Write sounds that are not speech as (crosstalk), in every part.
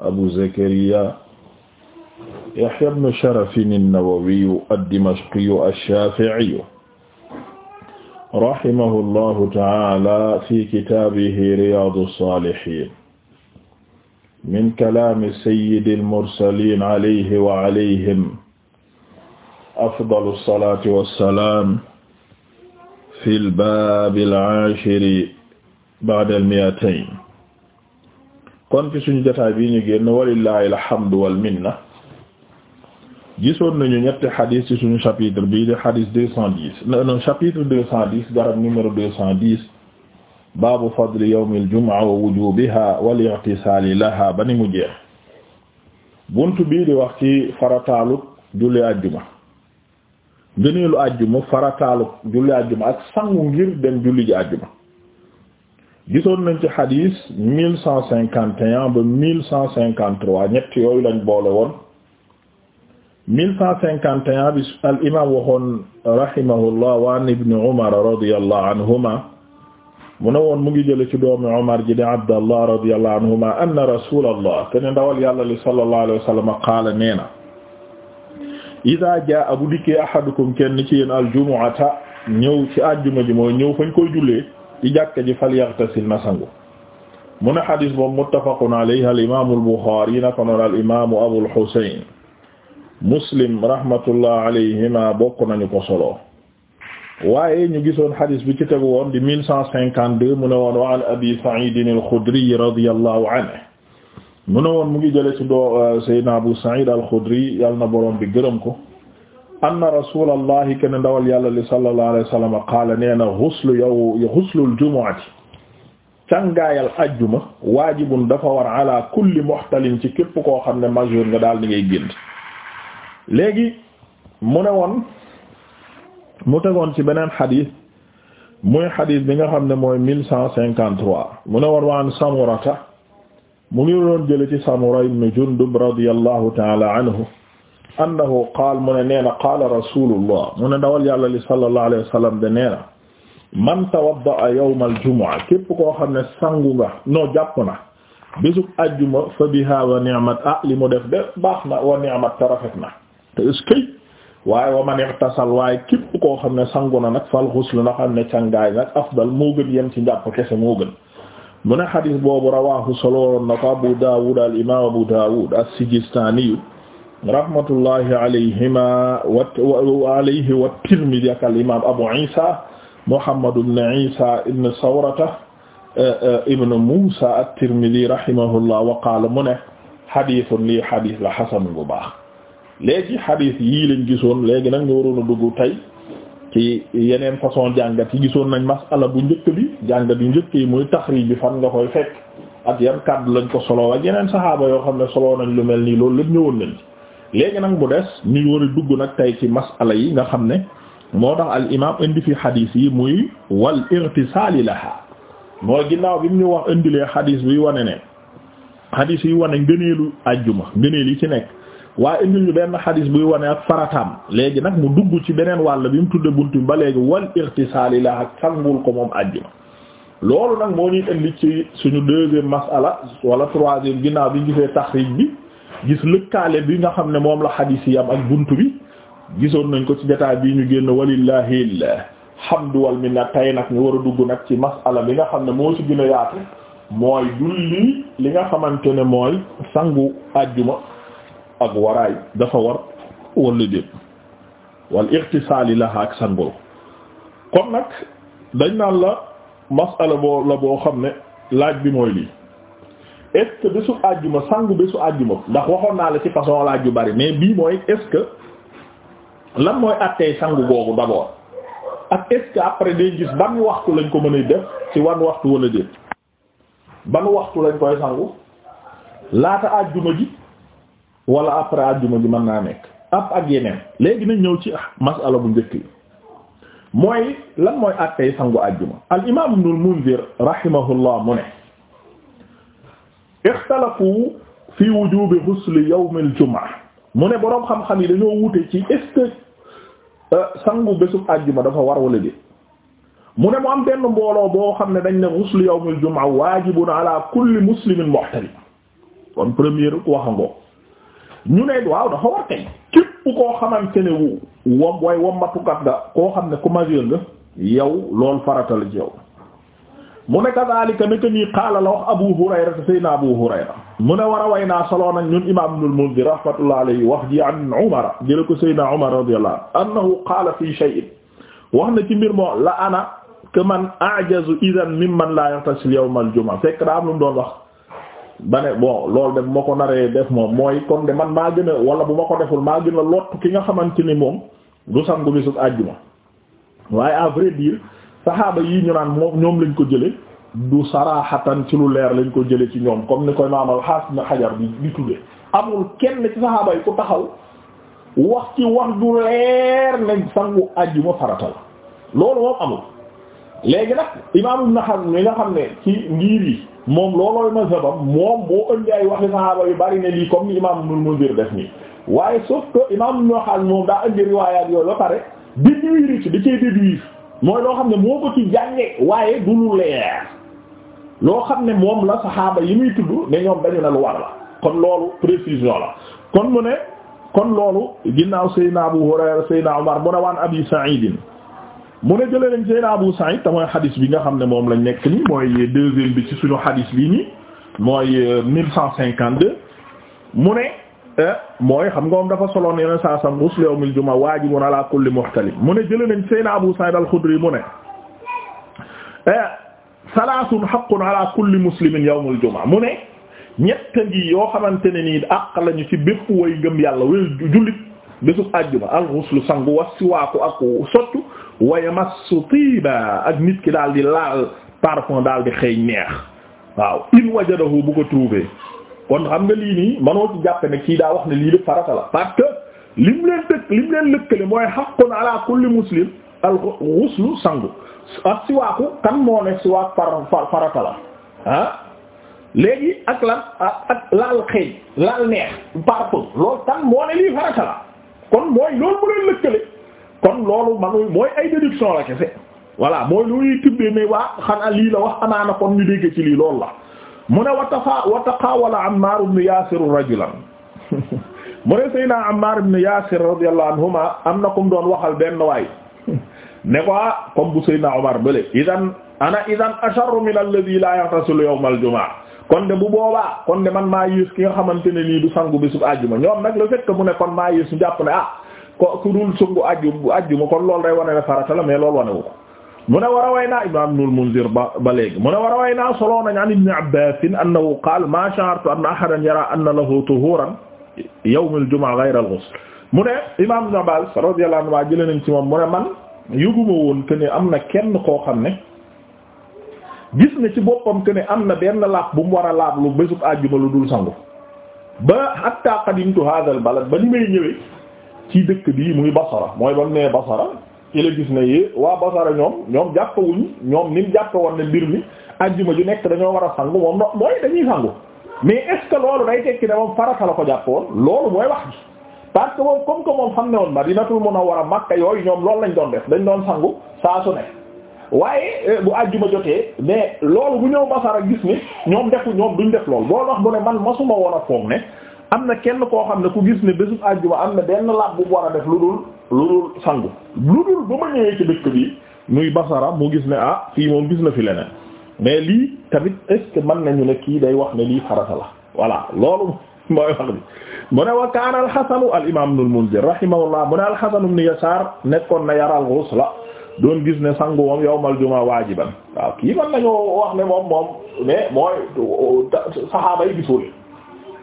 abu zakariya yahya ibn sharafin an-nawawiyu ad-dimashqiyu ash-shafi'iyu rahimahullahu ta'ala fi kitaabihi riyaadu saalihiin min kalaami sayyidil mursaliin alayhi wa alayhim afdalu salaati wa salaam fil baabil aashiri ba'dal mi'atayn kon ci suñu jotaay bii ñu génn walillahi alhamdu wal minna gisoon nañu ñetti xadis ci suñu chapitre bii di xadis deux cent dix non chapitre deux cent garab numéro baabu fadli yawmil jumaa wa wujubiha wal i'tisaali laha ba ni mu jeex bunt bii di wax ci farataalu julli àjjuma gëneelu àjjuma farataalu julli àjjuma ak sangu ngir dem julli ji àjjuma gisoon nañ ci xadiis mille cent cinquante et ba mille cent cinquante ñett yooyu lañ boole woon mille al imam waxoon rahimahullah wa an ibni umar radiyallahu anhuma mu ne woon mu ngi jële ci doomi umar ji di abdallah radiyallahu anhuma anna rasulallah te ne ndawal yàlla li sallallahu alayhi wa jaa bu dikkee ahadukum kenn ci yéen aljumuata ñëw ci àjjuma ji mooy ñëw fañ koy jullee ci jàkka ji falyaghtasil na sangu mu ne xadis boobu muttafaqun alayhi al imaamu al Buxaari na ko noon al imaamu Abul Husayn Muslim rahmatullah alayhima bokk nañu ko solo waaye ñu gisoon xadis bi ci tegu woon di mille cent cinquante-deux mu ne woon wa an Abi Sa'id al-Khudri radiyallahu anhu mu ne mu ngi jële ci doo euh, Seydina Abu Sa'id al-Khudri yàlla na boroom bi gërëm ko anna rasulallahi ken ndawal yàlla li sallallahu alayhi wa sallam qaala nee na xuslu yow xuslul jumu'ati cangaayal ajjuma waajibun dafa war ala kulli muhtalim ci képp koo xam ne majeur nga daal di ngay gént léegi mu ne woon mu tegoon ci beneen xadis muy xadis bi nga xam ne mooy mille cent cinquante trois mu ne woon waan ci samura ibn jundub radiyallahu ta'ala anhu annahu qaal mu ne nee na qaala rasulullah mu ne dawal yàlla li sallallahu alayhi wa sallam de nee na man tawaddaa yawm aljumu'a képp koo xam ne sangu nga noo jàpp na bésub ajjuma fa biha wa ni'mat ah li mu def de baax na wa ni'mat te rafet na te eskay waaye wa man i'tasal waaye képp koo xam ne sangu na nag fal ghusl na xam ne cangaay nag afdal moo gën yem ci njàpp kese moo gën mu ne xadis boobu rawaahu soloon na ko Abu Dawud al imam Abu Dawud as-Sijistani rahmatullahi alayhima wa alayhi wa Tirmidhi ak al-imam Abu Isa Muhammad ibn Isa ibn Sawrata eh, eh, ibn Musa at-Tirmidhi rahimahullah wa qaala mu ne xadithun lii xadis la xasan bu baax léegi xadis yii lañ gisoon léegi nag ñu waroon a dugg tey ci yeneen façon jàngat yi gisoon nañ masala bu njëkk bi jàngat yu njëkk yi muy taxriij bi fan nga koy fekk ak yan kàddu lañ ko solo ak yeneen saxaaba yoo xam ne solo nañ lu mel nii loolu lépp ñëwoon nañ léegi nag mu des ñu war a dugg nag tey ci masala yi nga xam ne moo tax al indi fi xadiis yi muy wal irtisaali laha mooy ginnaaw bi mu ñu wax indilee xadiis bi wane ne xadiis yi wane ngëneelu ajjuma ngëneel yi ci nekk waaye indil ñu benn xadiis buy wane ak farataam léegi nag mu dugg ci beneen wàll bi mu tuddee bunt bi ba léegi wal irtisaali laha sangul ko moom ajjuma loolu nag moo ñuy indi ci suñu deuxième masala wala troisième ginnaaw bi ñu gisee taxriij bi gis lëkkaale bi nga xam ne moom la xadiis yi am ak bunt bi gisoon nañ ko ci jotaay bii ñu génn walillahi alhamdu wal na tey nag ñu war a dugg nag ci masala bi nga xam ne moo si gën a yaatu mooy julli li nga xamante ne mooy sangu àjjuma ak waraay dafa war wala déet wal ixtisaali laha ak sangul kon nag dañ naan la masala boo la boo xam ne laaj bi mooy lii est-ce que bésu àjjuma sangu bésu àjjuma ndax waxoon naa la ci façon laaj yu bari mais bii mooy est que lan mooy attey sangu googu d'abord ak est-ce que après day gis ban waxtu lañ ko mën a def ci wan waxtu wala déet ban waxtu lañ koy sangu laata àjjuma ji wala après àjjuma ji mën naa nekk ab ak yeneen léegi nañ ñëw ci masala bu njëkk yi mooy lan mooy attey sangu àjjuma al imam ibn al munzir rahimahullah mu ne ixtalafu fi wujubi ghusl yawm al-jum'a mu ne boroom xam-xam yi dañoo wute ci est-ce que euh, sangu bésub àjjuma dafa war wala dé mu ne mu am benn mbooloo boo xam ne dañ ne ghusl yawm al-jum'a waajibun ala kulli muslimin muhtalim kon première waxangoo ñu ne waaw dafa war tey képp koo xamante ne wu wom way womatukat nga koo xam ne ku majeur nga yow loolu farata la ci yow mu ne kadhalika naka nii qaala la wax Abu Hurayra te Seydina Abu Hurayra mu ne war a way naa soloo nag ñun imam Ibnul Munzir rahmatullah alayhi wax ji an Umar jële ko Seydina Umar radiyallahu anhu annahu qaala wax na ci mbir moo la ana que man a'jazu idan mimman la yatasil yawm al-jumu'a fekk daa am lu doon wax ba ne bon loolu de bu ma ko naree def moom mooy kon de man maa gën a wala bu ma ko deful maa gën a lott ki nga xamante ni moom du sangu bisub àjjuma waaye à vrai saxaaba yi ñu naan moom ñoom lañ ko jële du saraaxatan ci lu leer lañ ko jële ci ñoom comme ni koy maamal xaas na xajar bi di tudde amul kenn ci saxaaba yi ku taxaw wax ci wax du leer nañ sangu ma farata la loolu moom amul léegi nag imaam Ibn Hazm mi nga xam ne ci ngir yi moom loolooy mazhabam moom moo indi ay waxi saxaaba yu bari ne lii comme ni imaam Ibn Munzir def nii waaye sauf que imaam Ibn Hazm moom daa indi riwaayaat yooyu ba pare déduire mooy loo xam ne moo ko ci jànge waaye du lu leer loo xam ne moom la saxaaba yi muy tudd ne ñoom dañu ne lu war la kon loolu précision la kon mu ne kon loolu ginnaaw Seydina Abu Hurayra Seydina Umar mu ne waan Abi Sa'id mu ne jëlee nañ Seydina Abu Sa'id te mooy xadis bi nga xam ne moom lañ nekk ni mooy deuxième bi ci suñu xadis bi nii mooy mille cent cinquante-deux mu ne Eh, mooy xam nga moom dafa soloon yeneen saa sam ghusl yawmil juma waajibun ala kulli muhtalim mu ne jëlee nañ Seydina Abu Sa'id al-Khudri mu ne eh, salaasun haqqun ala kulli muslimin yawmul juma mu ne ñett ngi yoo xamante ne nii àq lañu ci bépp way ngëm yàlla way jullit bésub àjjuma al-ghuslu sangu wa siwaaku ak soccu wa yamassu tiiba ak nit ki daal di laal parfum daal di xëy neex waaw in wajadahu bu ko trouver kon xam nga lii nii manoo ci jàppe ne kii daa wax ne lii lépp farata la parce que lim leen dëkk lim leen lëkkale mooy haqqun ala kulli muslim al ghuslu sangu ak siwaaku kan moo ne siwaak far farata la ah léegi ak lan ak laal xëy laal neex parfum loolu kan moo ne lii farata la kon mooy loolu mu leen lëkkale kon loolu manu mooy ay déduction la kese voilà mooy lu ñuy tibbee mais waa xanaa lii la wax amaana kon ñu dégg ci lii loolu la mu ne watafa wa taqaawala Ammaar ibn Yaasir rajulan (laughs) mu ne Seydina Ammaar ibn Yaasir radiyallahu anhuma am na kum doon waxal benn waay (laughs) ne ko ah comme bu Seydina Omar bële idan ana idan asharru min alladhi laa yaghtasil yawm al-jumaa kon de bu boobaa kon ne man maa yées ki nga xamante ne nii du sangu bisub àjjuma ñoom nag le fait mu ne kon maa yées ñu jàpp ne ah ko ku dul sangu àjjuma bu àjjuma kon loolu day wane ne farata la mais wane wu ko mu ne war a way naa imam ibnul Munzir ba ba léegi mu ne war a way naa soloo nañ an ibni abbasin annahu qaal ma sha'artu anna ahadan yara anna lahu tuhuran yawm al-jumu'a ghayra al-ghusl mu ne imam ibn Abbas radiyallahu anhu waa jëlee nañ ci moom mu ne man yëguma woon que ne am na kenn koo xam ne gis na ci boppam que ne am na benn laab bu mu war a laab lu bésub àjjuma lu dul sangu ba hatta qadimtu hadha al balad ba ni may ñëwee ci dëkk bii muy Basra mooy ba mu nee Basra ci la gis na yi waa Basara ñoom ñoom jàppawuñ ñoom ni mu jàppe woon ne mbir mi ajjuma ju nekk dañoo war a sangu moom no mooy dañuy sangu mais est ce que loolu day tekki ne moom farata la ko jàpp woon loolu mooy wax ji parce que moom comme que moom xam ne woon Madinatul Munawwara Makka yooyu ñoom loolu lañ doon def dañ doon sangu saa su nekk waaye eh, bu àjjuma jotee mais loolu bu ñëw Basara gis ni ñoom defu ñoom duñ def loolu boo wax bu ne man ma woon a foog am na kenn koo xam ne ku gis ne bésub àjjuma am na benn laab bu war a def lu dul sangu lu dul ba ma ñëwee ci dëkk bi muy basara mu gis ne ah fii moom gis na fi leneen mais lii tamit est ce nañu ne kii day wax ne lii farata la voilà loolu (laughs) mooy wax bi mu ne wa kaana alxasanu al imam ibn al munzir rahimahullah mu ne alxasanu ibn yasaar nekkoon na yaral la doon gis ne sangu moom yawmal juma waajiban waaw kii mën nañu wax ne moom moom mais mooy saxaaba gisul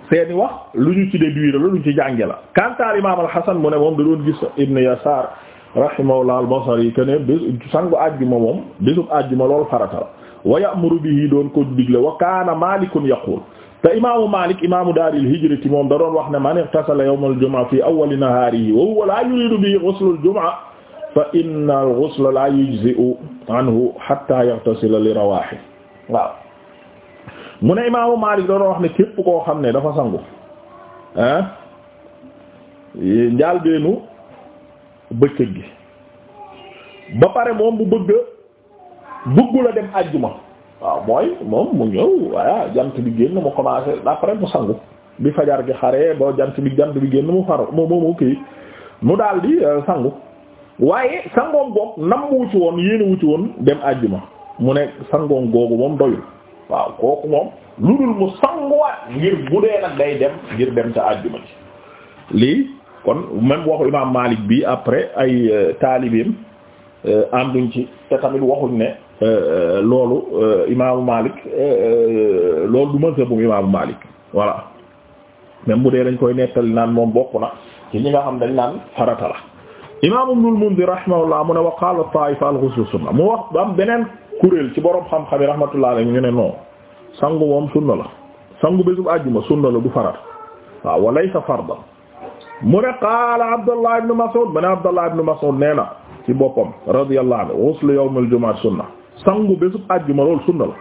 seeni wax lu ñu ci déduire la lu ñu ci jànge la kantaar imam al-Hasan mu ne moom da doon gis Ibn Yasaar rahimahullah al-Basri que ne bés sangu àjjuma moom bésub àjjuma lool farata la wa ya'muru bihi doon ko digle wa kaana Maalikun yaqul te imaamu Maalik imaamu daaril hijrati moom da doon wax ne man ightasala yawmal jumu'a fi awwali nahaarihi wa huwa laa yuriidu bihi ghuslal jumu'a fa inna al-ghusla laa yujzi'u anhu hatta yaghtasila li rawaahihi waaw mu ne imaamu Maalik doon wax ne képp koo xam ne dafa sangu ah njaal beenu bëccëg gi ba pare moom mu bëgg bëggu la dem àjjuma waaw mooy moom mu ñëw waaw jant bi génn mu commencé après mu sangu bi fajar gi xaree boo jant bi jant bi génn mu far mu mu kii mu daal di euh, sangu waaye sangoom goog nam mu wuti woon yéen a wuti woon dem àjjuma mu ne sangoom googu moom doyul. waaw kooku moom lu dul mu sanguwaat ngir bu dee nag day dem ngir dem ca àjjuma ci lii kon même waxu imaam Maalik bi après ay euh, taalibeem euh, ànduñ ci te tamit waxuñ ne euh, loolu imaamu Maalik loolu du mazhabu imaamu Maalik voilà même bu dee dañ koy nettali naan moom bokk na ci ñi nga xam dañ naan farata la imaamu Ibnul Munzir rahimahullah mu ne wa qaala taa'ifa al wax am beneen kuréel ci borom xam-xam yi rahmatullah alayhi ñu ne non sangu moom sunna la sangu bésub àjjuma sunna la du farat waaw wa laysa farda mu ne qaala Abdullah ibn Mas'ud mu ne Abdullah ibn Mas'ud nee na ci boppam radiyallahu anhu ghusl yawm al-jumu'ah sunna sangu bésub àjjuma loolu sunna la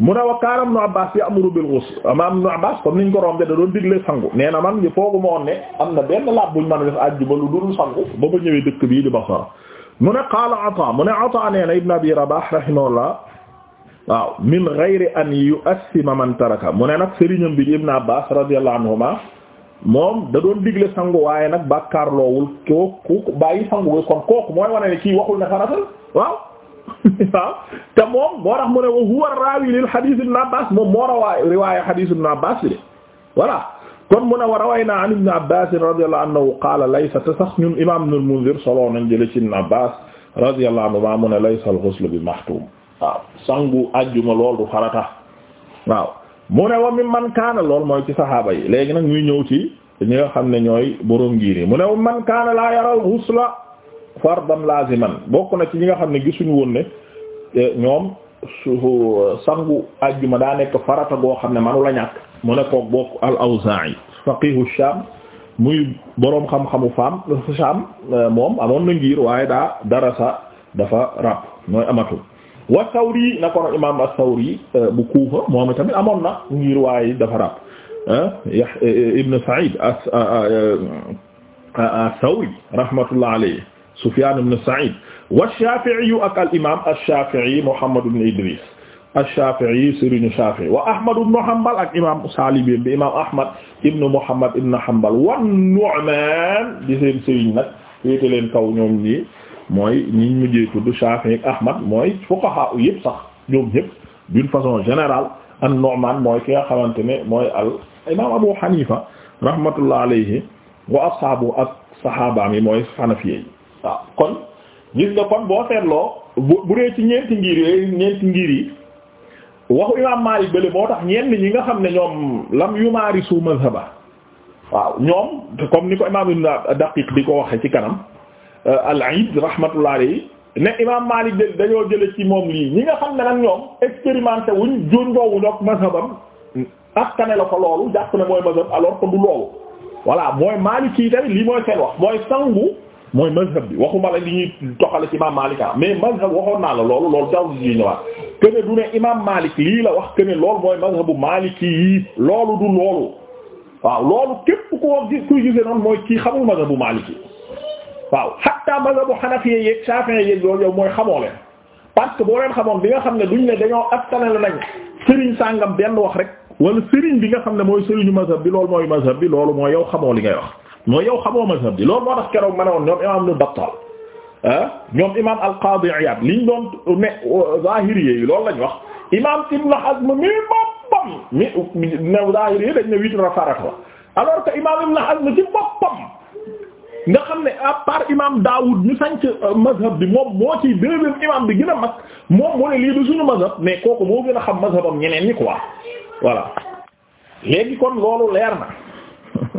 mu ne wa kaana Ibn Abbas ya'muru bil ghusl ama Ibn Abbas comme niñ ko rombe da digle sangu nee na man ngi foogu ma woon am na benn laab buñ mën a def àjjuma lu dul sangu ba ba ñëwee dëkk mu ne qaala ata mu ne ata nee na ibn abi rabah rahimahullah waaw min ghayri an yu'assima man taraka mu ne nag sëriñam bi ibn abbas radiyallahu anhuma moom da doon digle sangu waaye nag bàkkaar loowul kooku bàyyi sangu bi kon kooku mooy wane ne kii waxul ne faratal waaw (laughs) waaw te moom moo tax mu ne wa huwa rawi lil hadith ibn abbas moom moo rawaay riwaaya hadith ibn abbas bi de voilà kon mu ne wa rawaynaa an ibn Abbaas radiyallahu anhu qaala laysa te sax ñun imaam Ibnul Munzir soloo nañ jële ci Ibn Abbaas radiyallahu anhu maa mu ne laysa al-ghusl bi maxtuum waaw sangu àjjuma lool du farata waaw mu ne wa mimman kaana lool mooy ci saxaaba yi léegi nag ñuy ñëw ci ñi nga xam ne ñooy borom ngir yi mu ne wa man kaana laa yaral ghusla fardan laaziman bokk na ci ñi nga xam ne gisuñu woon ne eh, ñoom su sangu àjjuma daa nekk farata goo xam ne manu la ñàkk mu ne koog bokk al-Awzaa'i faqihu Shaam muy boroom xam-xamu faam Shaam euh, moom amoon na ngir waaye daa darasa dafa rab mooy amatul wa Sawri na ko imaam as-Sawri euh, bu Kuufa moom tamit amoon na ngir waaye dafa rab euh, Ibn Saïd as-Sawri rahmatullah alayhi Sufyaan ibn Saïd wa Shaafi'i ak al imaam as-Shaafi'i Muhammad ibn Idriis ash-Shafi'i sëriñu Shafi'i wa Ahmad ibn Hanbal ak imam saalibin bi imam Ahmad ibn Muhammad ibn Hanbal wan Nu'man di seen sëriñ nag féete leen kaw ñoom ñi mooy ñi mujjee tudd Shafi'i Ahmad mooy fuqaha yëpp sax ñoom ñëpp d'une façon générale an-Nu'man mooy ki nga xamante ne mooy al imam Abu Hanifa rahmatullah alayhi wa ashaabu ak sahabaam yi mooy Hanafiyya yi waaw kon gis nga kon boo seetloo bu dee ci ñeenti ngir yooyu ñeenti ngir yi waxu imaam Maalik bële moo tax ñenn ñi nga xam ne ñoom lam yumaarisu mazhaba waaw ñoom comme ni ko imaam Ibn Daqiq di ko waxee ci kanam euh, al-Iid rahmatullah alayhi ne imaam Maalik de dañoo jële ci moom lii ñi nga xam ne nag ñoom expérimenté wuñ jundoowu ñok mazhabam askane la ko loolu jàpp ne mooy mazhab alors que du loolu voilà mooy Maliki yi tamit lii mooy seen wax mooy sangu mooy mazhab bi waxuma la li ñuy toxale ci imaam Maalik ah, mais mazhab waxoon naa la loolu loolu jaww ji ñëwaat kene du ne imaam Malik lii la wax kene loolu mooy mazhabu Maliki yi loolu du loolu waaw loolu képp koo gis kuy gisee noonu mooy kii xamul mazhabu Maliki waaw hatta mazhabu Hanafi yeeg Shafi'i yeeg loolu yow mooy xamoo leen parce que boo leen xamoon bi nga xam ne duñ ne dañoo askanale nañ sëriñ sàngam benn wax rek wala sëriñ bi nga xam ne mooy sëriñu mazhab bi loolu mooy mazhab bi loolu mooy yow xamoo li ngay wax mooy yow xamoo mazhab bi loolu moo tax keroog ma ne woon ñoom imaam nu Battal Ah ñoom imam al-Qadi Iyad liñ doon ne zahiriyé yi loolu lañ wax imam Ibn Hazm mi boppam mi ne zahiriyé dañ ne witr farat la alors que imam Ibn Hazm ci boppam nga xam ne à part imam Daoud ñu sanc euh, mazhab bi moom moo ci deuxième imam bi gën a mag moom moo ne lii du suñu mazhab mais kooku moo gën a xam mazhabam ñeneen ñi quoi voilà léegi kon loolu leer na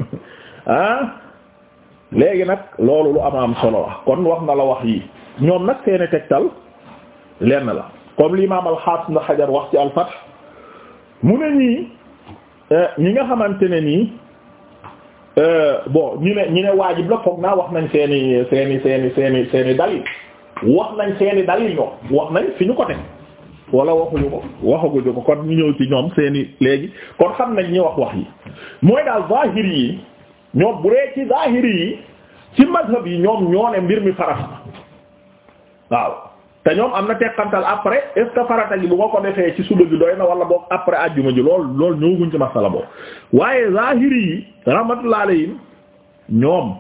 (laughs) ah léegi nag loolu lu am am solo la kon wax na la wax yi ñoom nag seeni tegtal lenn la comme lii al-Hafiz na xajar wax ci al mu ne ñii eh, ñi nga xamante ne nii eh, bon ñu ne ñu ne waajib la foog naa wax nañ seeni seeni seeni seeni seeni dalil wax nañ seeni dalil ñoom wax nañ fi ñu ko teg wala waxuñu ko waxaguñu ko kon ñu ñëw ci ñoom seeni léegi kon xam nañ ñi wax wax yi mooy daal zahiri yi ñoom bu dee ci zahiri yi ci mazhab yi ñoom ñoo ne mbir mi farata waaw te ñoom am na teqantal après est ce farata gi bu ma ko defee ci suba gi doy na wala boog après ajjuma ji lool lool ñëwaguñ ci masala boobu waaye zahiri yi rahmatullahi alayhim ñoom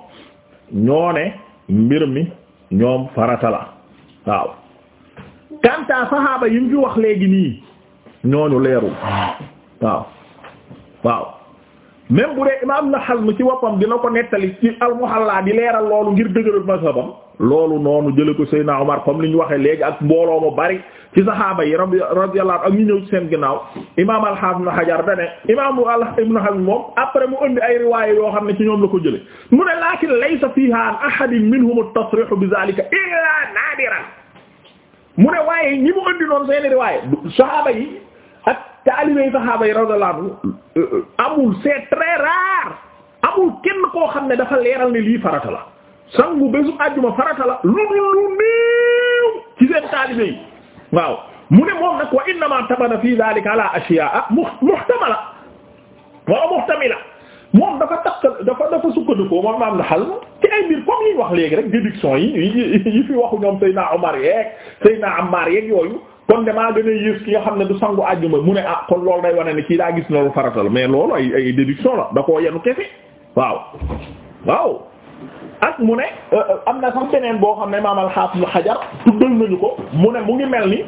ñoo ne mbir mi ñoom farata la waaw kanta saxaaba yi mu fi wax léegi nii ñooñu leerul waaw waaw même bu dee imaam na Hazm ci woppam dina ko nettali ci al-Muhalla di leeral loolu ngir dëgëral mazhabam loolu noonu jële ko Seydina Omar comme li ñu waxee léegi ak mbooloo mu bari ci saxaaba yi radiyallahu ak ñu ñëw seen ginnaaw imaam al-Hafiz Ibn Hajar da ne imaam Ibn Hazm moom après mu indi ay riwaaya yoo xam ne ci ñoom la ko jële mu ne lakin laysa fiha an ahadin minhum at-tasrih bi zalika illa nadiran mu ne waaye ñi mu indi noonu seen riwaaya saxaaba yi taalibey saxaaba yi radiyallahu anhu euh, euh, amul c'est très rare amul kenn koo xam ne dafa leeral ne lii farata la sangu bésu àjjuma farata la lu dul lu néew seen taalibe waaw mu ne moom nag wa innama tabana fi dhalika ala ashiya'a muhtamala wa dafa takk dafa dafa sukkandikoo maam na xal ci ay mbir comme yi wax léegi rek déduction yi yi fi waxu ñoom Seydina Omar yeeg Seydina Ammar yeeg yooyu kon damaa gën a yées ki nga xam ne du sangu àjjuma mu ne ah kon loolu day wane ne kii daa gis loolu farata la mais loolu ay ay déduction la da koo yenu kese waaw ak mu ne euh, am na sax beneen boo xam ne imaam al-Hafiz Hajar tuddal nañu ko mu ne mu ngi mel ni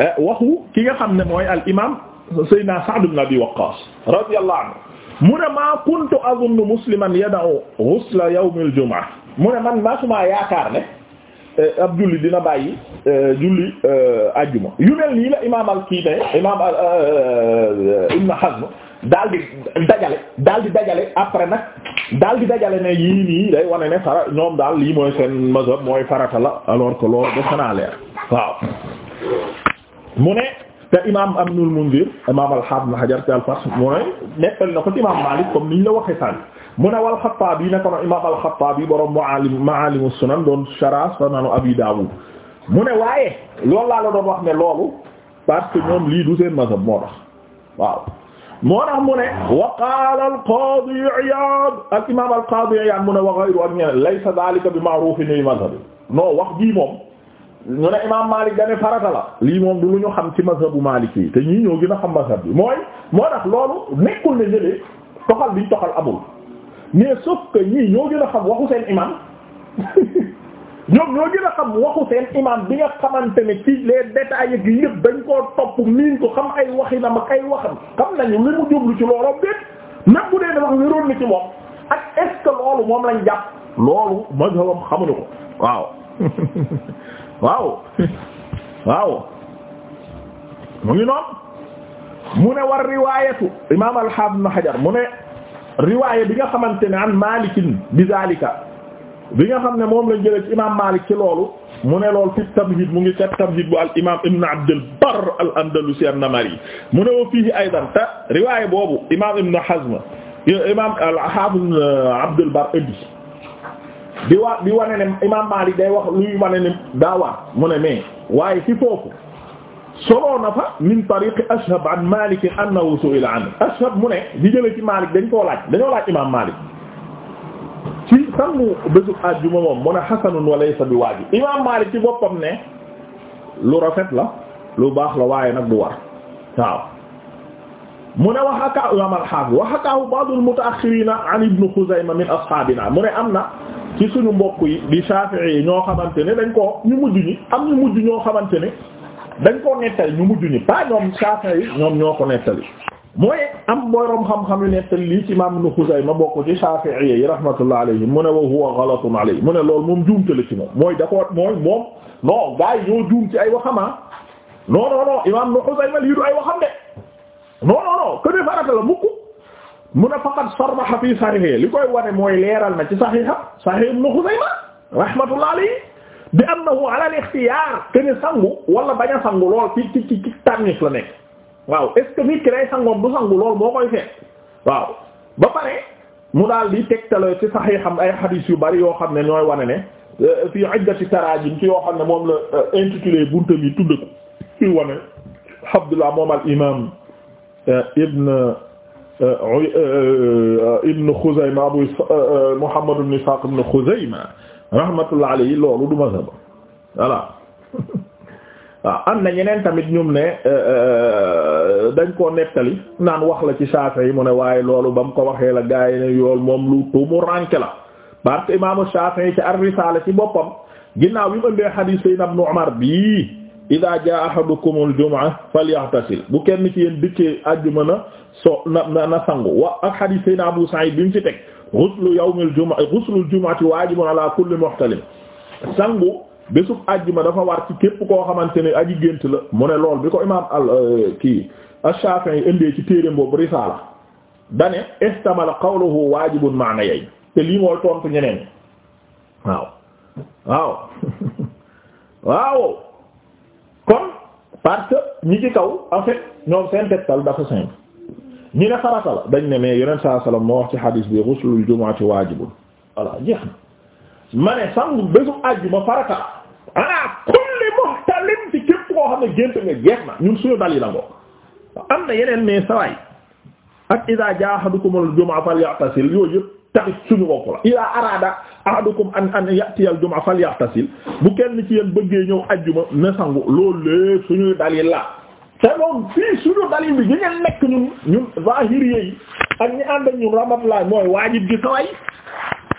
euh, waxu ki nga xam ne mooy al imaam Seydina Sa'd ibn Abi Waqqas radiyallahu anhu mu ne maa kuntu azunnu musliman suma yaakaar ne Euh, ab julli dina bàyyi euh, julli ajjuma euh, yu mel nii la imaam al kii ne imaam Ibn Hazm daal di dajale daal di dajale après nag daal di dajale ne yii nii day wane ne fara ñoom daal lii mooy seen mazhab mooy farata la alors que loolu dafa naa leer waaw mu ne te imaam Ibnul Munzir imaam al-Hafiz Hajar al-Fath mu ne nekkal na ko ci imaam Maalik comme niñ la waxee sànni mu ne wal Xattaabi naka no imaam al Xattaabi borom Mu'allim Ma'alim as-Sunan doon shara Sunan Abi Dawud mu ne waaye loolu laa la doon wax ne loolu parce que ñoom lii du seen mazhab moo tax waaw moo tax mu ne wa qaala al Qaadi Iyaad al bi ma'ruufin li mazhabi non wax bii moom ñu imaam Maalik dane farata la lii moom du lu ñu xam ci mazhabu Maalik a xam bi mooy moo tax loolu nekkul ne jëlee toxal biñ toxal amul mais sauf que ñii ñoo gën a xam waxu seen imam (laughs) ñoom ñoo gën a xam waxu seen imam bi nga xamante ne ci les détails ak yëpp dañ koo topp miin ko xam ay waxinam ak ay waxam xam nañu li mu jublu ci looloo bépp même bu dee dafa wéroon ni ci moom ak est loolu moom lañ jàpp loolu mazhabam xamuñu ko waaw (laughs) waaw waaw mu ngi noonu mu ne war riwaayatu imaam al-Hafiz Ibn Hajar mu ne riwaaya bi nga xamante ne an malikin bi zalika bi nga xam ne moom lañ jëlee ci imam malik ci loolu mu ne lool fi tamhid mu ngi ca tamhid bu al imam ibn abdul bar al andalusi an-namari mu ne woo fiihi aydan te riwaaya boobu imam ibn hazm imam al hafiz abdul bar indi di wa di wane ne imam malik day ne daa mu ne mais waaye fi foofu soloo na fa min tariqi ashhab malik annahu su'ila an ashhab mu ne di jële ci malik dañ koo laaj dañoo laaj imam malik ci sangu bésub àjjuma moom mu ne xasanun wa bi waajib imam malik ci boppam ne lu rafet la lu baax la waaye nag du war waaw mu ne wax akaa imam al-hafiz wax an ibn khuzaymah min ashabina mu ne am na ci suñu mbokk yi di shafi'i yi ñoo xamante ne dañ ko ñu mujj ñi am ñu mujj ñoo xamante ne dañ koo nettali ñu mujj ñi pas ñoom saafara ñoom ñoo ko nettali mooy am borom xam-xam yu nettali lii ci imaam Ibnu Xuzayma bokk ci Shaafi'i yi rahmatullah alayhi mu ne wa huwa ghalatun alayhi mu ne loolu moom juumte la ci moom mooy d'accord mooy moom non gars yi ñoo juum ci ay waxama ah. non non imaam Ibnu Xuzayma lii du ay waxam de non non non que ne farata la mukk mu ne faqad sarraha li koy wane mooy leeral na ci sahiha sahih Ibnu Xuzayma rahmatullah alayhi bi annahu ala al-ixtiyaar te ne sangu a sangu lool ci ci ci ci la nekk waaw est ce que nit ki day sangoom sangu lool moo koy fekk waaw ba pare mu daal di tegtale ci saxiixam ay xadiis yu bari yoo xam ne ñooy wane ne euh, fii iddati taraajim ci yoo xam ne moom la euh, intitulé bunta tudd ko ci wane moom al imaam euh, ibn ibn Xuzayma Abu Muhammad ibn Isaaq ibn Xuzayma rahmatullah alayhi loolu du mazhab voilà waaw (laughs) ah, am na ñeneen tamit ñum ne euh, euh, dañ koo nettali naan wax la ci yi mu ne waaye loolu ba mu ko waxee la gaa ne yool moom lu tumuranke la parce que imaamu Shafi'i ci ar-Risaala ci boppam ginnaaw bi ma ndee xadiis Sayyidina Ibnu Umar bii idaa jaa ahadukumul jumu'a falyaghtasil bu kenn ci yéen dikkee àjjuma na so na na sangu wa ak xadiis Sayyidina Abu bi mu ci teg yow yawmil juma ghuslul jumu'ati waajibun ala kulli muhtalim sangu bésub àjjuma dafa war ci képp koo xamante ne aji gént la mu ne lool bi ko imaam al euh, kii ash-Shafi'i indee ci téereem boobu risaala dane istamala qawluhu waajibun maana yey te lii mooy tontu ñeneen waaw waaw (laughs) waaw kon parce que ñi ci kaw en fait ñoom seen tegtal dafa simple ñi ne farata la dañ ne mais yeneen saa salaam moo wax ci hadis bi ghuslul jumu'ati waajibun voilà jeex na ma ne sangu bésu àjjuma farata la ala kulli muhtalim ci képp xam ne gént nga jeex na ñun suñu dal yi la ngoo am na yeneen mais sawaay ak idaa jaa ahadukumul jumu'a falyaghtasil yooyu yëpp taxit suñu bokk la idaa araada ahadukum an an ya'tiyal jumu'a falyaghtasil bu kenn ci yéen bëggee ñëw àjjuma na sangu loolu lépp suñuy dal yi la te loolu fii suñu dalil bi ñu ngeen nekk ñun ñun zahiriyé yi ak ñu ànd ak ñun rahmatullah mooy waajib gi saway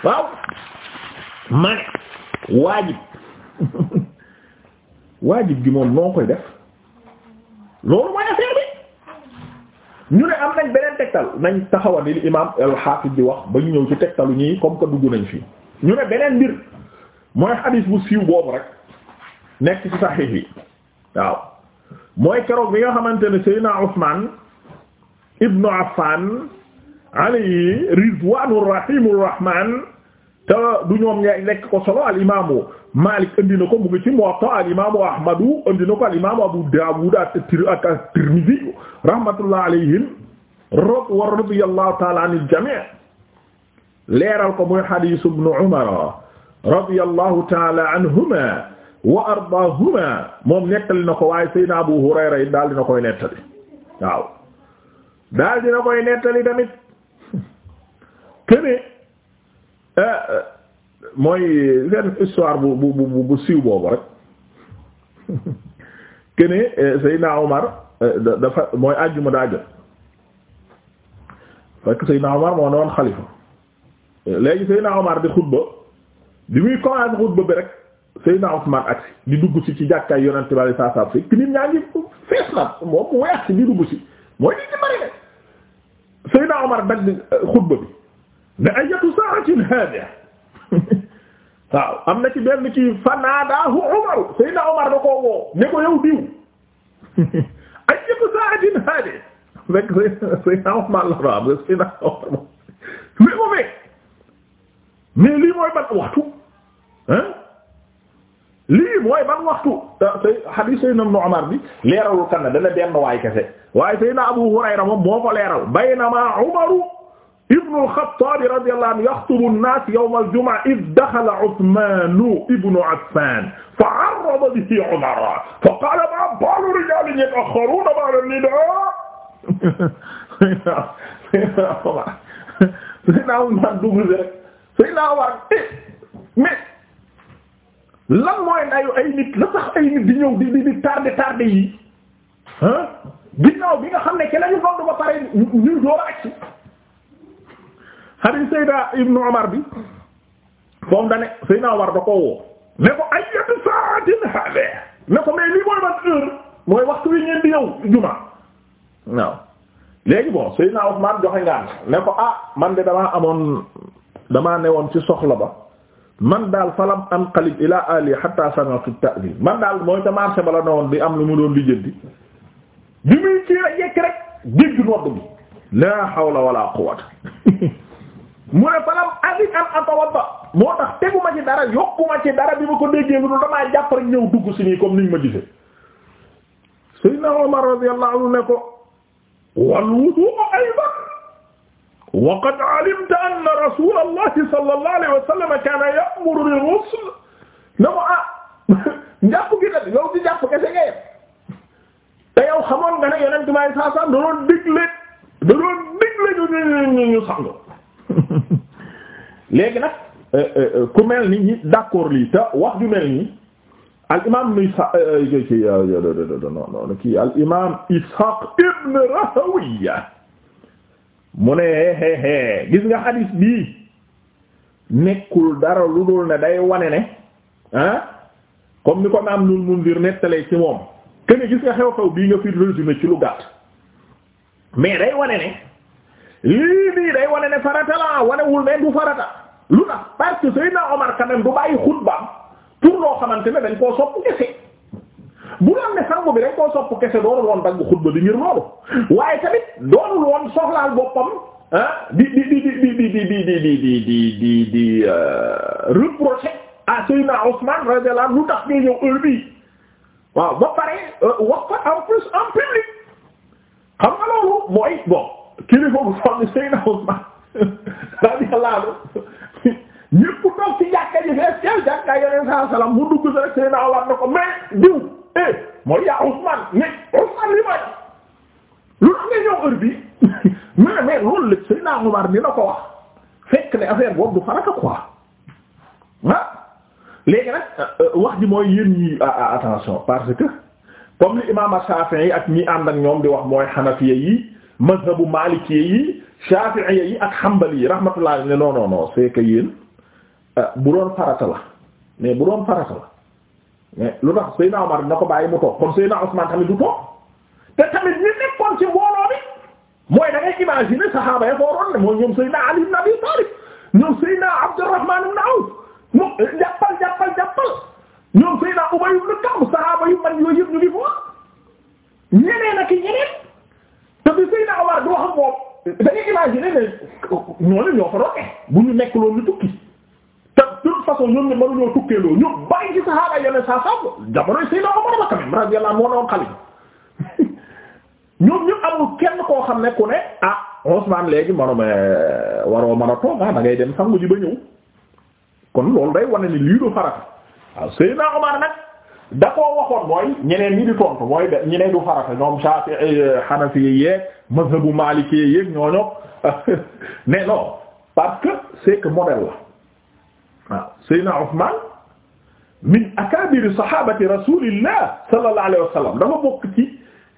waaw ma ne waajib (laughs) waajib gi moom noo koy def loolu mooy affaire bi ñu ne am nañ beneen tegtal nañ taxawal li imaam al bi wax ba ñu ñëw ci tegtalu ñii comme que dugg nañ fii ñu ne beneen mbir mooy xadiis bu siiw boobu rek nekk ci saxiix yi waaw mooy keroog bi nga xamante ne Seydina Usmaan ibnu Affan alayhi ridwaanu rahimu rahmaan te du ñoom ñay nekk ko solo al imaamu Maalik indi na ko mu ngi ci Muwatta al imaamu Ahmadu indi na ko al imaamu Abu Daawud ak at-Tirmidhi rahmatullah alayhim rob wa radiyallahu ta'ala anil jami' leeral ko muy hadiis ibnu Umar radiyallahu ta'ala anhuma wa ardaahuma moom nettali na ko waaye Seydina Abu Hurayra it daal dina koy nettali waaw daal dina koy nettali tamit kene eh, eh, mooy seen histoire bu bu bu siiw boobu rek (laughs) kene eh, Seydina Omar dafa mooy àjjuma daa jot fekk Seydina Omar moo ne xalifa léegi Seydina Omar di xutba bi muy commencé xutba bi rek Seydina Usman aksi di dugg si ci jàkkaay yonente bi alei saa salam fekk nit ñaa ngi fees na moom mu weex si dugg si mooy nit ñi bari ne Seydina xutba bi ne ayatu sa'atin hada (laughs) waaw am na ci benn kii fanaadaahu Umar Seydina Omar da koo woo ko yow diw ayatu (laughs) sa'atin hada (laughs) fekk Seydina Usman la am Seydina Omar moom lii mu fekk mais lii mooy ban waxtu lii mooy ban waxtu say hadith Seydina Ibn Umar bi leeralul kan na dana benn waay kese waaye Seydina Abu Hurayra moom moo ko leeral baynama Umar ibn al-Khattab radiyallahu anhu yaxtubu an-nas yawm al-jumu'a id dakhala Uthman ibn Affan fa'arrada bihi Umar fa qala ma balu rijal yata'akhkharuna ba'da an-nida' Seydina Umar dugg rek Seydina Umar eh, mais lan mooy nayu ay nit la sax ay nit di ñëw di di di tardé yi ah ginnaaw bi nga xam ne ci lañu doon ba pare ñu door a agsi hadith Sayda Ibnu bi moom da ne Sayna war da koo woo. ne ko ayyatu mooy ban heure mooy waxtu wi ngeen di ñëw juma waaw léegi bon Sayna Usman joxe ngaan ne ko ah man de damaa amoon damaa ne woon ci soxla ba. man daal falam anqalib ila ali hatta sami'tu ta'zin man daal mooy ca marché bala ne woon di am lu mu doon lijjanti bi muy ci yekk rek dégg nodd bi la hawla wala quwwata (laughs) mu ne falam azid an atawadda moo tax teguma ci dara yokkuma ci dara bi ma ko déggee lu damaa jàpp rek ñëw dugg si nii comme niñ ma gisee sayyidina Umar radiyallahu anhu ne ko wal wudu aydan wa qad alimta anna rasulallahi sallallahu alayhi wa sallam kaana ya'muru bil ghusl na ko ah (laughs) njàpp gi nag yow di jàpp kese nga yem te yow xamoon nga ne yonent bi saa saa da doon digle da doon digle ñu ñu ñu ñu sangu (laughs) léegi nag eh, eh, eh, ku mel ni ñi d'accord lii te wax ju mel nii al imaam kii al imaam Ishaq ibn Rahawiya mu ne hehe gis nga hadis bii nekkul dara lu dul ne day wane ne ah comme ni ko naam nul mundir nettalee ci moom kene gis xew-xew bii nga fi résumé ci lu gàtt mais day wane ne lii bii day wane ne farata la wanewul ne du farata lu tax parce que Seydina Omar quand du bàyyi xutbaam pour loo xamante ne dañ koo sopp kese bu doon ne sangu bi rek koo sopp kese doonul woon dagg xutba bi ngir loolu waaye tamit doonul woon soxlaal boppam ah di di di tax ngay ñëw ba pare wax ko en plus en public xam nga loolu bu soxla ñépp toog ci jàkka ji fee jàkka yeneen saa salaam mu dugg sa rek Seydina Ousmane diw eh mooy yaa Ousmane mais Ousmane li ma lu tax nga ñëw heure bi (laughs) mais mais loolu la Seydina Omar dina ko wax fekk ne affaire boobu du farata quoi ah léegi nag euh, wax ji mooy yéen ñi ah, ah, attention parce que comme li imaam Shafi'i yi ak ñi ànd ak ñoom di wax mooy Hanafiya yi mazhabu Malikiyya yi Shafi'iyya yi ak Hanbali yi rahmatullah ne non non non yéen euh, bu doon farata la mais bu doon farata la. mais lu tax Seydina Omar na ko bàyyi mu toog kon Seydina Ousmane tamit du toog te tamit ñu nekkoon ci mbooloo mooy da ngay saxaaba ya fooroon ne mooy ñoom Seydina Ali ibn Abi Talib ñoom Seydina Abdurrahman ibn Awf ñoom eh, jàppal jàppal jàppal ñoom Seydina Ubay ibn Ka'b saxaaba yu man yooyu yëpp ñu ngi foofu ñeneen ak ñeneen te bi Seydina Omar du wax ak moom eh, da ne ñoo ne ñoo fa doon bu ñu nekk loolu lu tukki. te de toute façon ñoom ne mënuñoo tukkee loolu ñu bari ci saxaaba yeneen saa saabu jamonoy Seydina Omar la tamit radiyallahu anhu moo doon xalifa ñoom ñu amul kenn koo xam ne ku ne ah Ousmane léegi manuma waroo mën a toog ah da ngay dem sangu ji ba ñëw kon loolu day wane ni lii du farata waaw Seydina Omar nag da koo waxoon mooy ñeneen ñi di tontu mooy de ñeneen du farata ñoom Shafi'i eh, Hanafi yeeg mazhabu Maliki yeeg ñooñu ne (laughs) non parce que c'est que modèle waaw Seydina Ousmane min akabiri sahabati rasulillah sallallahu alayhi wa sallam dafa bokk ci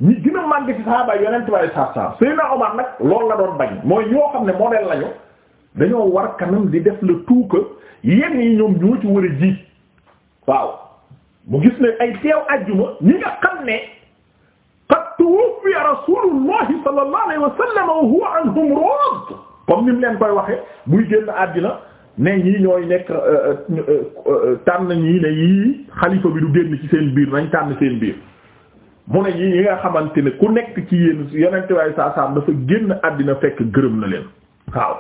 ñi gën a màgg ci sahaaba yonent bari saab saab Seydina Omar nag loolu la doon bañ mooy ñoo xam ne modèle lañu dañoo war kanam di def le tout que yenn yi ñoom ñoo ci war a jiit waaw mu gis ne ay teew ajjuma ñi nga xam ne qad tuwuffiya rasulullahi sallallahu alayhi wa sallam wa huwa anhum raad comme ni mu leen koy waxee muy génn àddina ne ñii ñooy nekk euh, euh, euh, tànn ñii ne yii xalifa bi du génn ci seen biir nañ tànn seen biir mu ne ñii ñi nga xamante ne ku nekk ci yéen yonente waaye saa saam dafa génn àddina fekk gërëm na leen waaw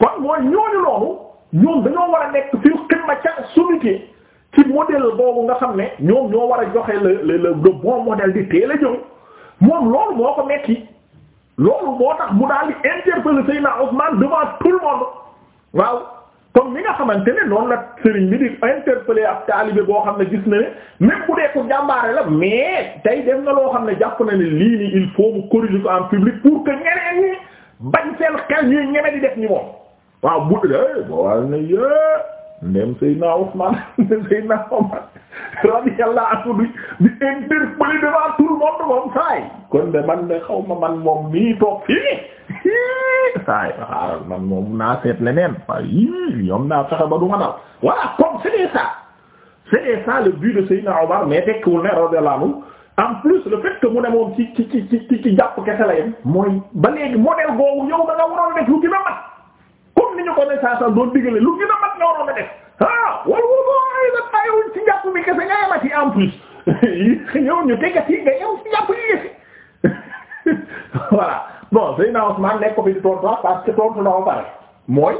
kon mooy ñooñu loolu ñoom dañoo war a nekk fii ca sumité ci modèle boobu nga xam ne ñoom ñoo war a joxe le le le bon modèle di teel a moom loolu moo ko nekki loolu moo tax mu daal di interpeller Seydina Ousmane devant tout le waaw comme ni nga xamante ne noonu la sëriñ bi di interpeller ak taalibe boo xam ne gis na ne même bu dee ko jàmbaare la mais tey def na loo xam ne jàpp na ne lii nii il faut mu ko en public pour que ñeneen ñi bañ seen xel ñuy ñeme di def ñi moom waaw bu dee eh, boo xam ne eh. ndem Seydina Ousmane (laughs) Seydina Omar radiyallahu anhu di interpeller devant tout le monde moom saay kon de man de xaw ma man moom mii toog fii (laughs) saay man moom naa seet leneen waaye naa fexe ba du ma nal voilà comme c'est ça c'est ça le but de Seydina Omar mais tekkiwul ne radiyallahu anhu en plus le fait mu ne moom ci ci ci ci jàpp kese la mooy ba léegi modèle boobu yow da waroon def lu gën a mat comme ni ñu ko ne saa saa doon digale lu gën a mat nga waroon a def ah wala wala wala ay nag bàyyiwuñ ci njàpp bi kese nga yemati en plus (laughs) yow ñu dégg si nga yow si njàpp yi kese (laughs) voilà bon Seydina Ousmane nekk ko fi di tontu ah, parce que tontu na ko pare mooy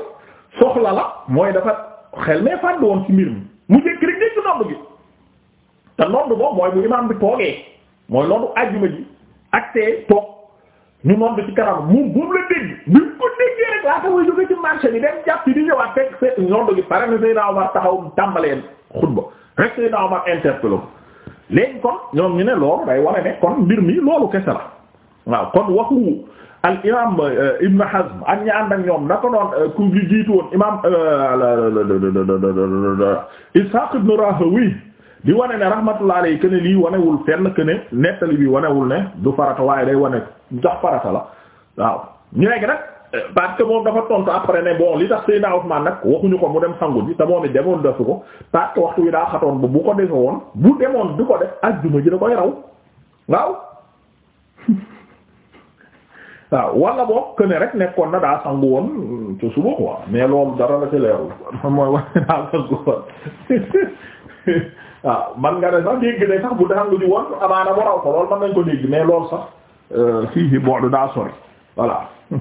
soxla la mooy dafa xel mais fànn woon ci mbir mi mu njëkk rek dégg nodd gi te nodd boobu mooy bu imaam bi toogee mooy nodd àjjuma ji ak tee toog. ñu moom bi ci kanam mu bu mu la bi mu ko déggee rek laata muy jóge ci marché bi dem jàpp di ñëwaat fekk fekk ñoom gi pare na Seydina taxaw tàmbaleen xutba rek Seydina Omar interpellé léegi kon ñoom ñu ne loolu day wara ne kon mbir mi loolu kese la waaw kon waxu al imaam Ibn Hazm ak ñi ànd ak ñoom naka noonu ku jiitu woon imaam Ishaq ibn Rahawi di wane ne rahmatullah alayhi que ne lii wanewul fenn que ne nettali bi wanewul ne du farata waaye day wane jox farata la waaw ñu nekk nag parce que moom dafa tontu après ne bon li tax Seydina Ousmane nag waxuñu ko mu dem sangu ji te moom it demoon defu ko parce que waxtu wi daa xatoon bu bu ko defe woon bu demoon du ko def ajjuma ji da koy raw waaw (laughs) waaw wala boog rek nekkoon na daa sangu woon ci suba quoi mais loolu dara la ci leerul (laughs) mooy wane daa (laughs) waaw (laughs) ah, man nga ne sax dégg ne sax bu daa lu ñu won amaana mu raw ko lool man nañ ko dégg mais lool sax euh, fii fi boodu daa sori voilà (laughs)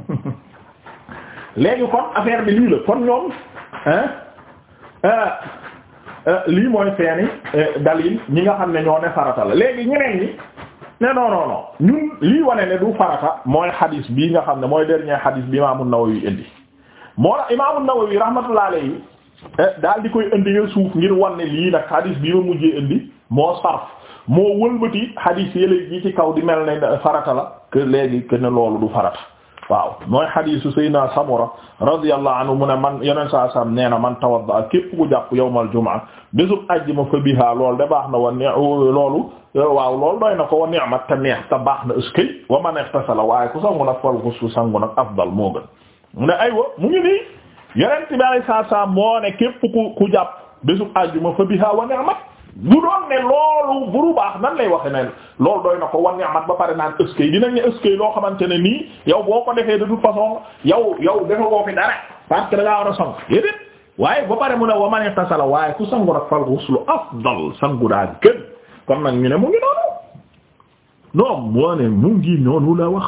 léegi kon affaire bi lii la kon ñoom euh, euh, lii mooy seeni dalil ñi nga xam ne ñoo ne farata la léegi ñeneen ñi ne non ñun lii wane ne du farata mooy xadis bii nga xam ne mooy dernier xadis bi imaamu Nawawi indi moo tax imaamu Nawawi rahmatullahi alayhi Eh, daal di koy indi nga suuf ngir wanne lii nag hadis bii ma mujjee indi moo sarf moo wëlbati hadis yële yi ci kaw di mel ne farata la que léegi que ne loolu du farata waaw mooy hadisu Seydina Samura radiyallahu anhu mu ne man yeneen saa sam nee na man tawadda ak képp ku jàpp yawmal jumaa bésub ajjuma fa biha loolu de baax na wa ne loolu waaw loolu doy na ko wa ni'mat ta neex te baax na ëskay wa man ihtasala waaye ku sangu nag fal ko su sangu yonent bi alayhi salaam moo ne képp ku ku jàpp bésub àjjuma fa biha wa ni'mat bu doon ne loolu buru baax nan lay waxe neen loolu doy na ko wa ni'mat ba pare naan ëskey dinañ ne ëskey loo xamante ne nii yow boo ko defee de toute façon yow yow defe woo fi dara parce que da ngaa war a sang yédéet waaye ba pare mu ne wa man ihtasala waaye ku sangu nag fal ghuslu afdal sangu daa gën kon nag ñu ne mu ngi noonu non moo mu ngi noonu la wax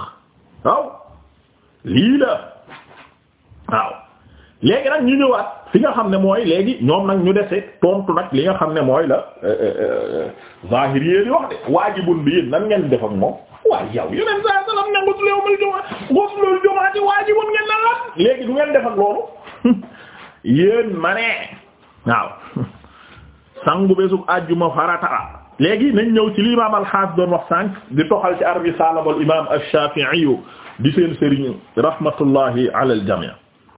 waaw lii la waaw léegi nag ñu ñëwaat fi nga xam ne mooy léegi ñoom nag ñu dese tontu nag li nga xam ne mooy la euh, euh, euh, zahiri yéen wax de waajibun bi yéen nan ngeen def moom waaye yow yeneen ne nguutu ngeen nan la léegi du ngeen def ak loolu (laughs) yéen ma ne waaw (laughs) sangu bésub àjjuma farata léegi nañ ñëw ci li imaam alxaas doon wax sànq di toxal ci arbi saalabal imaam al-Shaafi'i di seen sëriñ rahmatullahi ala al-jamii